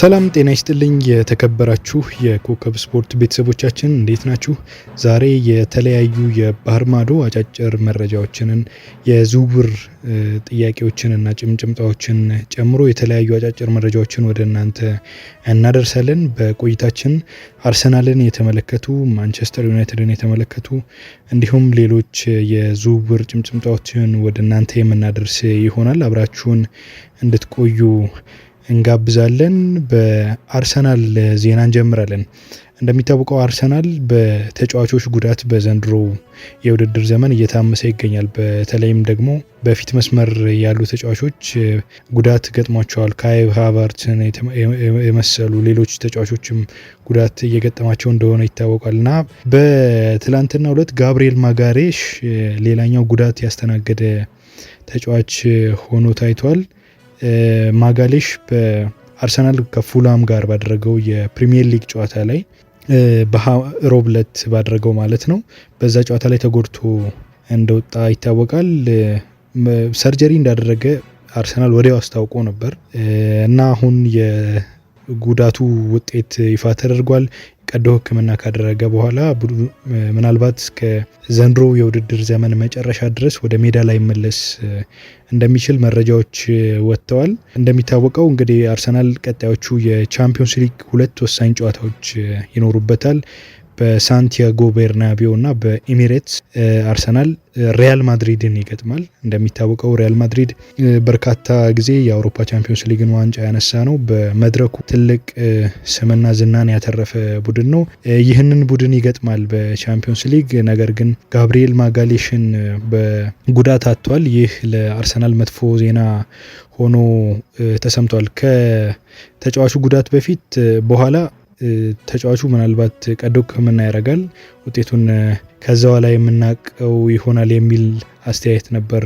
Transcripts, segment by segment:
ሰላም ጤና ይስጥልኝ። የተከበራችሁ የኮከብ ስፖርት ቤተሰቦቻችን እንዴት ናችሁ? ዛሬ የተለያዩ የባህር ማዶ አጫጭር መረጃዎችንን የዝውውር ጥያቄዎችን እና ጭምጭምጣዎችን ጨምሮ የተለያዩ አጫጭር መረጃዎችን ወደ እናንተ እናደርሳለን። በቆይታችን አርሰናልን የተመለከቱ፣ ማንቸስተር ዩናይትድን የተመለከቱ እንዲሁም ሌሎች የዝውውር ጭምጭምጣዎችን ወደ እናንተ የምናደርስ ይሆናል። አብራችሁን እንድትቆዩ እንጋብዛለን። በአርሰናል ዜና እንጀምራለን። እንደሚታወቀው አርሰናል በተጫዋቾች ጉዳት በዘንድሮ የውድድር ዘመን እየታመሰ ይገኛል። በተለይም ደግሞ በፊት መስመር ያሉ ተጫዋቾች ጉዳት ገጥሟቸዋል። ካይ ሃቨርትን የመሰሉ ሌሎች ተጫዋቾችም ጉዳት እየገጠማቸው እንደሆነ ይታወቃል እና በትላንትናው ዕለት ጋብሪኤል ማጋሬሽ ሌላኛው ጉዳት ያስተናገደ ተጫዋች ሆኖ ታይቷል። ማጋሌሽ በአርሰናል ከፉላም ጋር ባደረገው የፕሪሚየር ሊግ ጨዋታ ላይ በሮብ ባደረገው ማለት ነው በዛ ጨዋታ ላይ ተጎድቶ እንደወጣ ይታወቃል። ሰርጀሪ እንዳደረገ አርሰናል ወዲያው አስታውቆ ነበር እና አሁን ጉዳቱ ውጤት ይፋ ተደርጓል። ቀዶ ሕክምና ካደረገ በኋላ ምናልባት እስከ ዘንድሮ የውድድር ዘመን መጨረሻ ድረስ ወደ ሜዳ ላይ መለስ እንደሚችል መረጃዎች ወጥተዋል። እንደሚታወቀው እንግዲህ አርሰናል ቀጣዮቹ የቻምፒዮንስ ሊግ ሁለት ወሳኝ ጨዋታዎች ይኖሩበታል። በሳንቲያጎ ቤርናቢዮ እና በኤሚሬትስ አርሰናል ሪያል ማድሪድን ይገጥማል። እንደሚታወቀው ሪያል ማድሪድ በርካታ ጊዜ የአውሮፓ ቻምፒዮንስ ሊግን ዋንጫ ያነሳ ነው። በመድረኩ ትልቅ ስምና ዝናን ያተረፈ ቡድን ነው። ይህንን ቡድን ይገጥማል በቻምፒዮንስ ሊግ። ነገር ግን ጋብሪኤል ማጋሌሽን በጉዳት አጥቷል። ይህ ለአርሰናል መጥፎ ዜና ሆኖ ተሰምቷል። ከተጫዋቹ ጉዳት በፊት በኋላ ተጫዋቹ ምናልባት ቀዶ ሕክምና ያደርጋል ውጤቱን ከዛ ላይ የምናውቀው ይሆናል የሚል አስተያየት ነበር።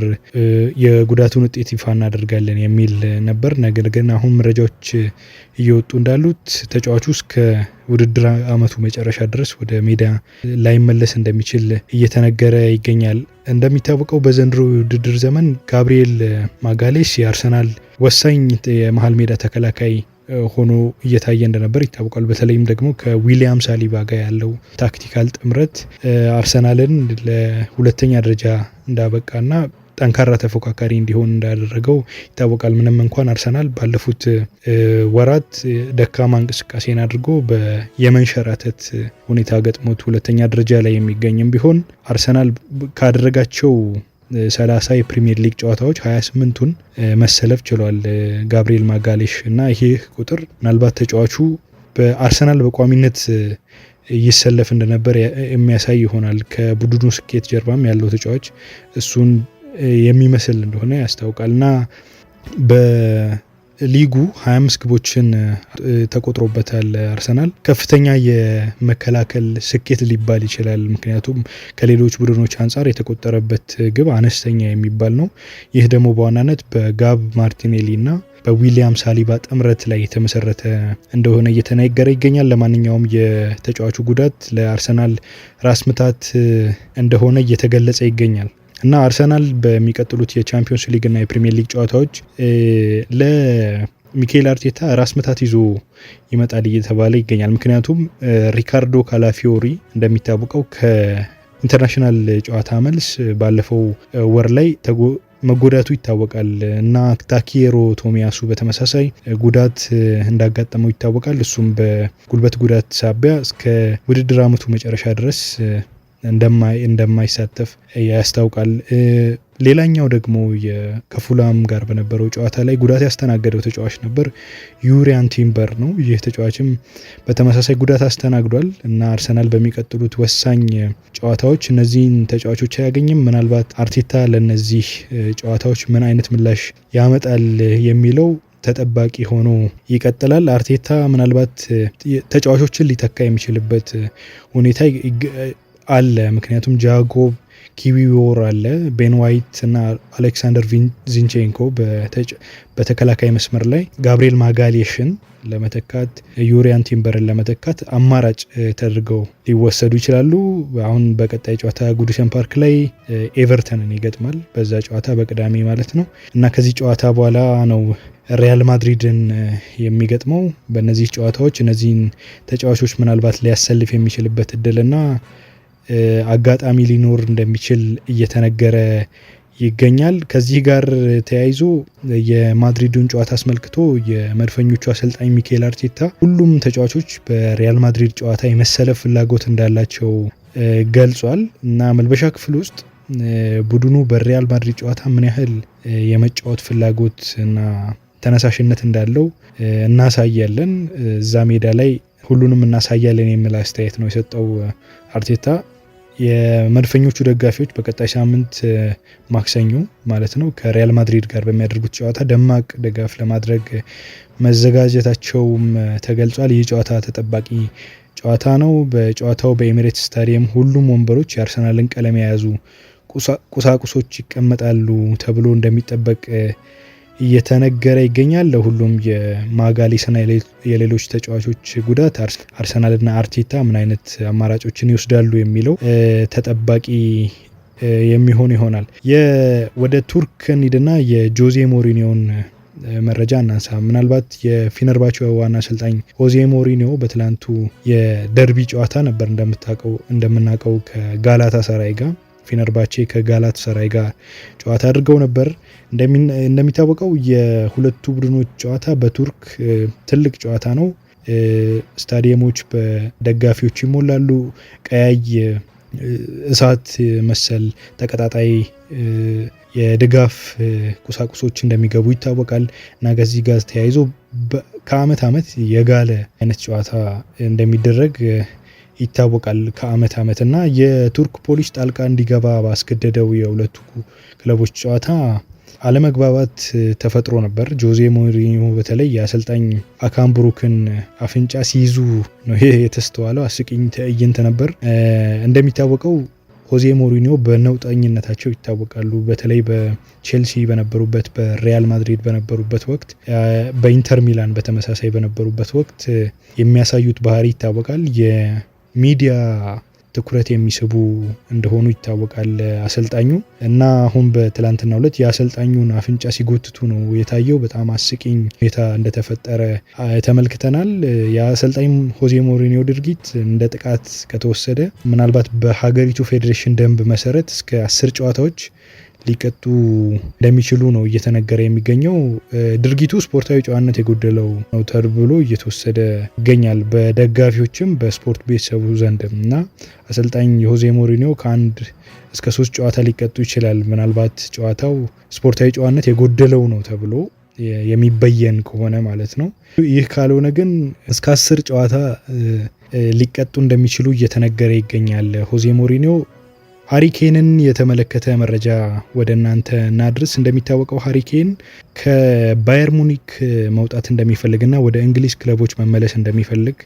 የጉዳቱን ውጤት ይፋ እናደርጋለን የሚል ነበር። ነገር ግን አሁን መረጃዎች እየወጡ እንዳሉት ተጫዋቹ እስከ ውድድር አመቱ መጨረሻ ድረስ ወደ ሜዳ ላይመለስ እንደሚችል እየተነገረ ይገኛል። እንደሚታወቀው በዘንድሮ ውድድር ዘመን ጋብሪኤል ማጋሌስ የአርሰናል ወሳኝ የመሀል ሜዳ ተከላካይ ሆኖ እየታየ እንደነበር ይታወቃል። በተለይም ደግሞ ከዊሊያም ሳሊባ ጋር ያለው ታክቲካል ጥምረት አርሰናልን ለሁለተኛ ደረጃ እንዳበቃና ጠንካራ ተፎካካሪ እንዲሆን እንዳደረገው ይታወቃል። ምንም እንኳን አርሰናል ባለፉት ወራት ደካማ እንቅስቃሴን አድርጎ የመንሸራተት ሁኔታ ገጥሞት ሁለተኛ ደረጃ ላይ የሚገኝም ቢሆን አርሰናል ካደረጋቸው ሰላሳ የፕሪሚየር ሊግ ጨዋታዎች 28ቱን መሰለፍ ችሏል ጋብሪኤል ማጋሌሽ እና ይህ ቁጥር ምናልባት ተጫዋቹ በአርሰናል በቋሚነት ይሰለፍ እንደነበር የሚያሳይ ይሆናል። ከቡድኑ ስኬት ጀርባም ያለው ተጫዋች እሱን የሚመስል እንደሆነ ያስታውቃል እና ሊጉ 25 ግቦችን ተቆጥሮበታል። አርሰናል ከፍተኛ የመከላከል ስኬት ሊባል ይችላል። ምክንያቱም ከሌሎች ቡድኖች አንጻር የተቆጠረበት ግብ አነስተኛ የሚባል ነው። ይህ ደግሞ በዋናነት በጋብ ማርቲኔሊ እና በዊሊያም ሳሊባ ጥምረት ላይ የተመሰረተ እንደሆነ እየተናገረ ይገኛል። ለማንኛውም የተጫዋቹ ጉዳት ለአርሰናል ራስ ምታት እንደሆነ እየተገለጸ ይገኛል። እና አርሰናል በሚቀጥሉት የቻምፒዮንስ ሊግ እና የፕሪሚየር ሊግ ጨዋታዎች ለሚካኤል አርቴታ ራስ ምታት ይዞ ይመጣል እየተባለ ይገኛል። ምክንያቱም ሪካርዶ ካላፊዮሪ እንደሚታወቀው ከኢንተርናሽናል ጨዋታ መልስ ባለፈው ወር ላይ መጎዳቱ ይታወቃል እና ታኪሮ ቶሚያሱ በተመሳሳይ ጉዳት እንዳጋጠመው ይታወቃል። እሱም በጉልበት ጉዳት ሳቢያ እስከ ውድድር ዓመቱ መጨረሻ ድረስ እንደማይሳተፍ ያስታውቃል። ሌላኛው ደግሞ ከፉላም ጋር በነበረው ጨዋታ ላይ ጉዳት ያስተናገደው ተጫዋች ነበር፣ ዩሪያን ቲምበር ነው። ይህ ተጫዋችም በተመሳሳይ ጉዳት አስተናግዷል እና አርሰናል በሚቀጥሉት ወሳኝ ጨዋታዎች እነዚህን ተጫዋቾች አያገኝም። ምናልባት አርቴታ ለእነዚህ ጨዋታዎች ምን አይነት ምላሽ ያመጣል የሚለው ተጠባቂ ሆኖ ይቀጥላል። አርቴታ ምናልባት ተጫዋቾችን ሊተካ የሚችልበት ሁኔታ አለ። ምክንያቱም ጃኮብ ኪዊዎር አለ፣ ቤን ዋይት እና አሌክሳንደር ዚንቼንኮ በተከላካይ መስመር ላይ ጋብሪኤል ማጋሌሽን ለመተካት ዩሪያን ቲምበርን ለመተካት አማራጭ ተደርገው ሊወሰዱ ይችላሉ። አሁን በቀጣይ ጨዋታ ጉዲሰን ፓርክ ላይ ኤቨርተንን ይገጥማል። በዛ ጨዋታ በቅዳሜ ማለት ነው እና ከዚህ ጨዋታ በኋላ ነው ሪያል ማድሪድን የሚገጥመው። በእነዚህ ጨዋታዎች እነዚህን ተጫዋቾች ምናልባት ሊያሰልፍ የሚችልበት እድል እና አጋጣሚ ሊኖር እንደሚችል እየተነገረ ይገኛል። ከዚህ ጋር ተያይዞ የማድሪዱን ጨዋታ አስመልክቶ የመድፈኞቹ አሰልጣኝ ሚኬል አርቴታ ሁሉም ተጫዋቾች በሪያል ማድሪድ ጨዋታ የመሰለፍ ፍላጎት እንዳላቸው ገልጿል እና መልበሻ ክፍል ውስጥ ቡድኑ በሪያል ማድሪድ ጨዋታ ምን ያህል የመጫወት ፍላጎት እና ተነሳሽነት እንዳለው እናሳያለን፣ እዛ ሜዳ ላይ ሁሉንም እናሳያለን የሚል አስተያየት ነው የሰጠው አርቴታ። የመድፈኞቹ ደጋፊዎች በቀጣይ ሳምንት ማክሰኞ ማለት ነው ከሪያል ማድሪድ ጋር በሚያደርጉት ጨዋታ ደማቅ ድጋፍ ለማድረግ መዘጋጀታቸውም ተገልጿል። ይህ ጨዋታ ተጠባቂ ጨዋታ ነው። በጨዋታው በኤሚሬትስ ስታዲየም ሁሉም ወንበሮች የአርሰናልን ቀለም የያዙ ቁሳቁሶች ይቀመጣሉ ተብሎ እንደሚጠበቅ እየተነገረ ይገኛል። ለሁሉም የማጋሊስና የሌሎች ተጫዋቾች ጉዳት አርሰናልና አርቴታ ምን አይነት አማራጮችን ይወስዳሉ የሚለው ተጠባቂ የሚሆን ይሆናል። ወደ ቱርክ እንሂድና የጆዜ ሞሪኒዮን መረጃ እናንሳ። ምናልባት የፊነርባቸው ዋና አሰልጣኝ ሆዜ ሞሪኒዮ በትላንቱ የደርቢ ጨዋታ ነበር እንደምታውቀው እንደምናውቀው ከጋላታ ሰራይ ጋር ፌነርባቼ ከጋላት ሰራይ ጋር ጨዋታ አድርገው ነበር። እንደሚታወቀው የሁለቱ ቡድኖች ጨዋታ በቱርክ ትልቅ ጨዋታ ነው። ስታዲየሞች በደጋፊዎች ይሞላሉ። ቀያይ እሳት መሰል ተቀጣጣይ የድጋፍ ቁሳቁሶች እንደሚገቡ ይታወቃል እና ከዚህ ጋር ተያይዞ ከአመት አመት የጋለ አይነት ጨዋታ እንደሚደረግ ይታወቃል ከአመት አመት እና የቱርክ ፖሊስ ጣልቃ እንዲገባ ባስገደደው የሁለቱ ክለቦች ጨዋታ አለመግባባት ተፈጥሮ ነበር። ጆዜ ሞሪኒዮ በተለይ የአሰልጣኝ አካምብሩክን አፍንጫ ሲይዙ ነው የተስተዋለው። አስቂኝ ትዕይንት ነበር። እንደሚታወቀው ሆዜ ሞሪኒዮ በነውጠኝነታቸው ይታወቃሉ። በተለይ በቼልሲ በነበሩበት፣ በሪያል ማድሪድ በነበሩበት ወቅት፣ በኢንተር ሚላን በተመሳሳይ በነበሩበት ወቅት የሚያሳዩት ባህሪ ይታወቃል። ሚዲያ ትኩረት የሚስቡ እንደሆኑ ይታወቃል አሰልጣኙ እና አሁን በትላንትናው ዕለት የአሰልጣኙን አፍንጫ ሲጎትቱ ነው የታየው። በጣም አስቂኝ ሁኔታ እንደተፈጠረ ተመልክተናል። የአሰልጣኝ ሆዜ ሞሪኒዮ ድርጊት እንደ ጥቃት ከተወሰደ ምናልባት በሀገሪቱ ፌዴሬሽን ደንብ መሰረት እስከ አስር ጨዋታዎች ሊቀጡ እንደሚችሉ ነው እየተነገረ የሚገኘው። ድርጊቱ ስፖርታዊ ጨዋነት የጎደለው ነው ተብሎ እየተወሰደ ይገኛል በደጋፊዎችም በስፖርት ቤተሰቡ ዘንድ እና አሰልጣኝ የሆዜ ሞሪኒዮ ከአንድ እስከ ሶስት ጨዋታ ሊቀጡ ይችላል። ምናልባት ጨዋታው ስፖርታዊ ጨዋነት የጎደለው ነው ተብሎ የሚበየን ከሆነ ማለት ነው። ይህ ካልሆነ ግን እስከ አስር ጨዋታ ሊቀጡ እንደሚችሉ እየተነገረ ይገኛል። ሆዜ ሞሪኒዮ ሃሪኬንን የተመለከተ መረጃ ወደ እናንተ እናድርስ። እንደሚታወቀው ሃሪኬን ከባየር ሙኒክ መውጣት እንደሚፈልግና ወደ እንግሊዝ ክለቦች መመለስ እንደሚፈልግ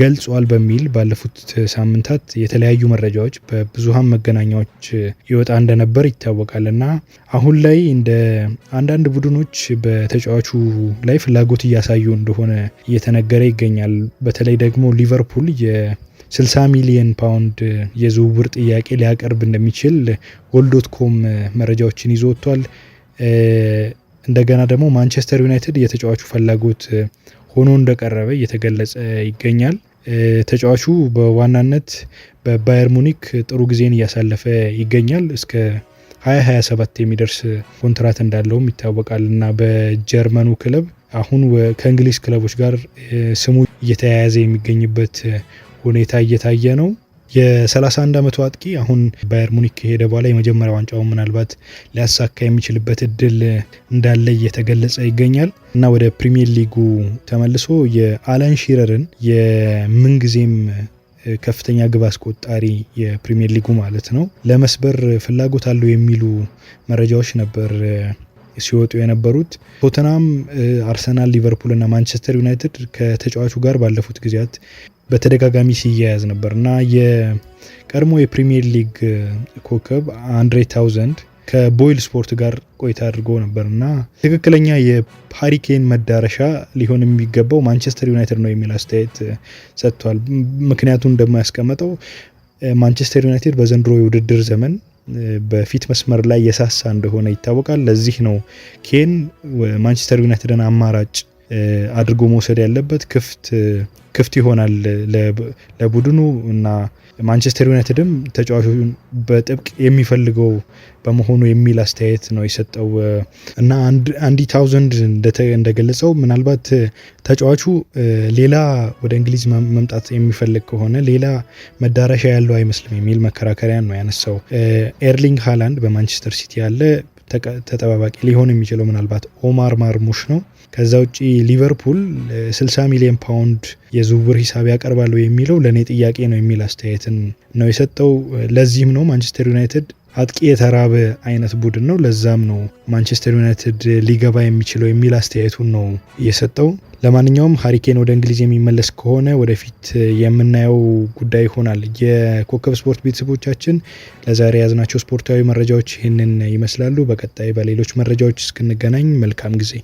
ገልጿል በሚል ባለፉት ሳምንታት የተለያዩ መረጃዎች በብዙሃን መገናኛዎች ይወጣ እንደነበር ይታወቃል እና አሁን ላይ እንደ አንዳንድ ቡድኖች በተጫዋቹ ላይ ፍላጎት እያሳዩ እንደሆነ እየተነገረ ይገኛል። በተለይ ደግሞ ሊቨርፑል 60 ሚሊዮን ፓውንድ የዝውውር ጥያቄ ሊያቀርብ እንደሚችል ጎል ኮም መረጃዎችን ይዞ ወጥቷል። እንደገና ደግሞ ማንቸስተር ዩናይትድ የተጫዋቹ ፍላጎት ሆኖ እንደቀረበ እየተገለጸ ይገኛል። ተጫዋቹ በዋናነት በባየር ሙኒክ ጥሩ ጊዜን እያሳለፈ ይገኛል። እስከ 2027 የሚደርስ ኮንትራት እንዳለውም ይታወቃል እና በጀርመኑ ክለብ አሁን ከእንግሊዝ ክለቦች ጋር ስሙ እየተያያዘ የሚገኝበት ሁኔታ እየታየ ነው። የ31 ዓመቱ አጥቂ አሁን ባየር ሙኒክ ከሄደ በኋላ የመጀመሪያ ዋንጫውን ምናልባት ሊያሳካ የሚችልበት እድል እንዳለ እየተገለጸ ይገኛል እና ወደ ፕሪሚየር ሊጉ ተመልሶ የአለን ሺረርን የምንጊዜም ከፍተኛ ግብ አስቆጣሪ የፕሪሚየር ሊጉ ማለት ነው ለመስበር ፍላጎት አለው የሚሉ መረጃዎች ነበር ሲወጡ የነበሩት። ቶተናም፣ አርሰናል፣ ሊቨርፑል እና ማንቸስተር ዩናይትድ ከተጫዋቹ ጋር ባለፉት ጊዜያት በተደጋጋሚ ሲያያዝ ነበር እና የቀድሞ የፕሪሚየር ሊግ ኮከብ አንድሬ ታውዘንድ ከቦይል ስፖርት ጋር ቆይታ አድርጎ ነበር እና ትክክለኛ የሃሪኬን መዳረሻ ሊሆን የሚገባው ማንቸስተር ዩናይትድ ነው የሚል አስተያየት ሰጥቷል። ምክንያቱም እንደማያስቀምጠው ማንቸስተር ዩናይትድ በዘንድሮ የውድድር ዘመን በፊት መስመር ላይ የሳሳ እንደሆነ ይታወቃል። ለዚህ ነው ኬን ማንቸስተር ዩናይትድን አማራጭ አድርጎ መውሰድ ያለበት ክፍት ክፍት ይሆናል ለቡድኑ እና ማንቸስተር ዩናይትድም ተጫዋቹን በጥብቅ የሚፈልገው በመሆኑ የሚል አስተያየት ነው የሰጠው እና አንዲ ታውዘንድ እንደገለጸው ምናልባት ተጫዋቹ ሌላ ወደ እንግሊዝ መምጣት የሚፈልግ ከሆነ ሌላ መዳረሻ ያለው አይመስልም የሚል መከራከሪያ ነው ያነሳው። ኤርሊንግ ሃላንድ በማንቸስተር ሲቲ ያለ ተጠባባቂ ሊሆን የሚችለው ምናልባት ኦማር ማርሙሽ ነው። ከዛ ውጭ ሊቨርፑል 60 ሚሊዮን ፓውንድ የዝውውር ሂሳብ ያቀርባለሁ የሚለው ለእኔ ጥያቄ ነው የሚል አስተያየትን ነው የሰጠው። ለዚህም ነው ማንቸስተር ዩናይትድ አጥቂ የተራበ አይነት ቡድን ነው። ለዛም ነው ማንቸስተር ዩናይትድ ሊገባ የሚችለው የሚል አስተያየቱን ነው የሰጠው። ለማንኛውም ሀሪኬን ወደ እንግሊዝ የሚመለስ ከሆነ ወደፊት የምናየው ጉዳይ ይሆናል። የኮከብ ስፖርት ቤተሰቦቻችን ለዛሬ ያዝናቸው ስፖርታዊ መረጃዎች ይህንን ይመስላሉ። በቀጣይ በሌሎች መረጃዎች እስክንገናኝ መልካም ጊዜ